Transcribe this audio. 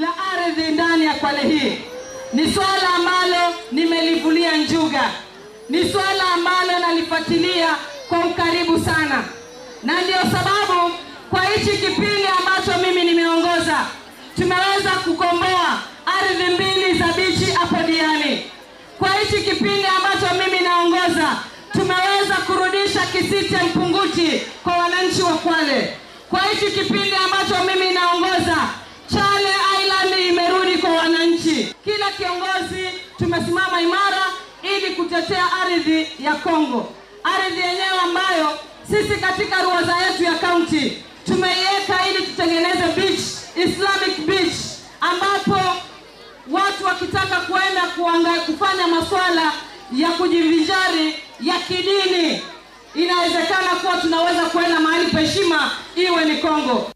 la ardhi ndani ya Kwale hii ni swala ambalo nimelivulia njuga, ni swala ambalo nalifuatilia kwa ukaribu sana, na ndio sababu kwa hichi kipindi ambacho mimi nimeongoza tumeweza kukomboa ardhi mbili za bichi hapo Diani. Kwa hichi kipindi ambacho mimi naongoza tumeweza kurudisha kisiti Mpunguti kwa wananchi wa Kwale. Kwa hichi kipindi tumesimama imara ili kutetea ardhi ya Kongo, ardhi yenyewe ambayo sisi katika ruwaza yetu ya kaunti tumeiweka ili tutengeneze beach, Islamic beach, ambapo watu wakitaka kuenda kuanga, kufanya masuala ya kujivinjari ya kidini inawezekana kuwa tunaweza kuenda mahali pa heshima, iwe ni Kongo.